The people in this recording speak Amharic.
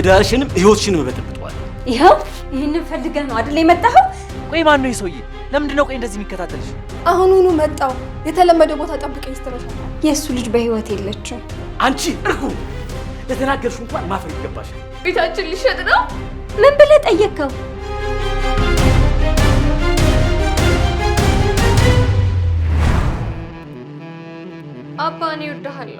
ትዳርሽንም ህይወትሽንም እበጠብጠዋለሁ። ይኸው ይህንን ፈልገህ ነው አይደል የመጣኸው? ቆይ ማን ነው ሰውዬ ለምንድን ነው ቆይ እንደዚህ የሚከታተልሽ? አሁኑኑ መጣው። የተለመደ ቦታ ጠብቀኝ ስትረሻል። የእሱ ልጅ በህይወት የለችም። አንቺ እርጉ ለተናገርሽ እንኳን ማፈር ይገባሻል። ቤታችን ሊሸጥ ነው። ምን ብለህ ጠየቅከው? አባ እኔ እወድሃለሁ።